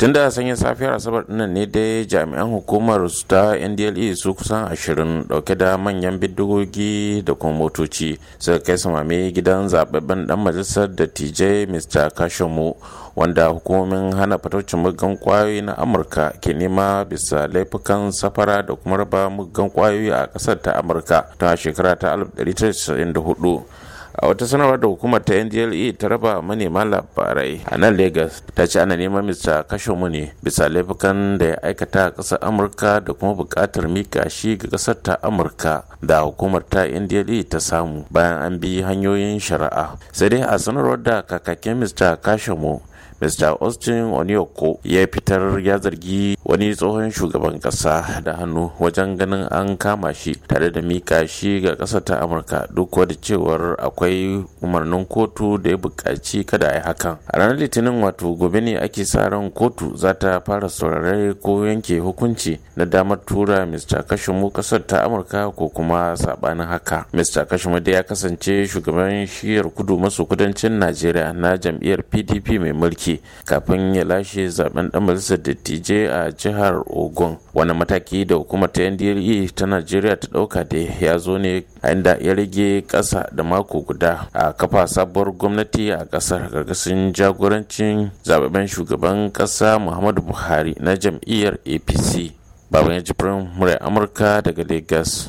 tun da sanyin safiyar asabar dinnan ne dai jami'an hukumar su ta ndle su kusan ashirin dauke da manyan bidigogi da kuma motoci suka kai samame gidan zababben dan majalisar da tj mr kashomu wanda hukumomin hana fataucin muggan kwayoyi na amurka ke nema bisa laifukan safara da kuma raba muggan kwayoyi a kasar ta amurka ta shekara ta 1994 a wata sanarwar da hukumar ta ndle ta raba manema labarai a nan Legas ta ce ana neman mr kashomu ne bisa laifukan da ya aikata a ƙasar amurka da kuma buƙatar mika shi ga ƙasar ta amurka da hukumar ta ndle ta samu bayan an bi hanyoyin shari'a sai dai a sanarwar da kakakin mr mu mr austin onioko ya fitar ya zargi wani tsohon shugaban ƙasa da hannu wajen ganin an kama shi tare da mika shi ga ƙasa ta amurka duk da cewar akwai umarnin kotu da ya buƙaci kada a yi hakan a ranar litinin wato gobe ne ake sa ran kotu za ta fara saurare ko yanke hukunci na damar tura mista kashimu ƙasar ta amurka ko kuma saɓanin haka mista kashimu da ya kasance shugaban shiyar kudu maso kudancin najeriya na jam'iyyar pdp mai mulki kafin ya lashe zaben dan majalisar dattijai a jihar ogun wani mataki da hukumar ta ndle ta najeriya ta ɗauka dai ya zo ne inda ya rage ƙasa da mako guda a kafa sabuwar gwamnati a ƙasar gargasin jagorancin zababen shugaban ƙasa muhammadu buhari na jam'iyyar apc baban ya farin murai amurka daga lagos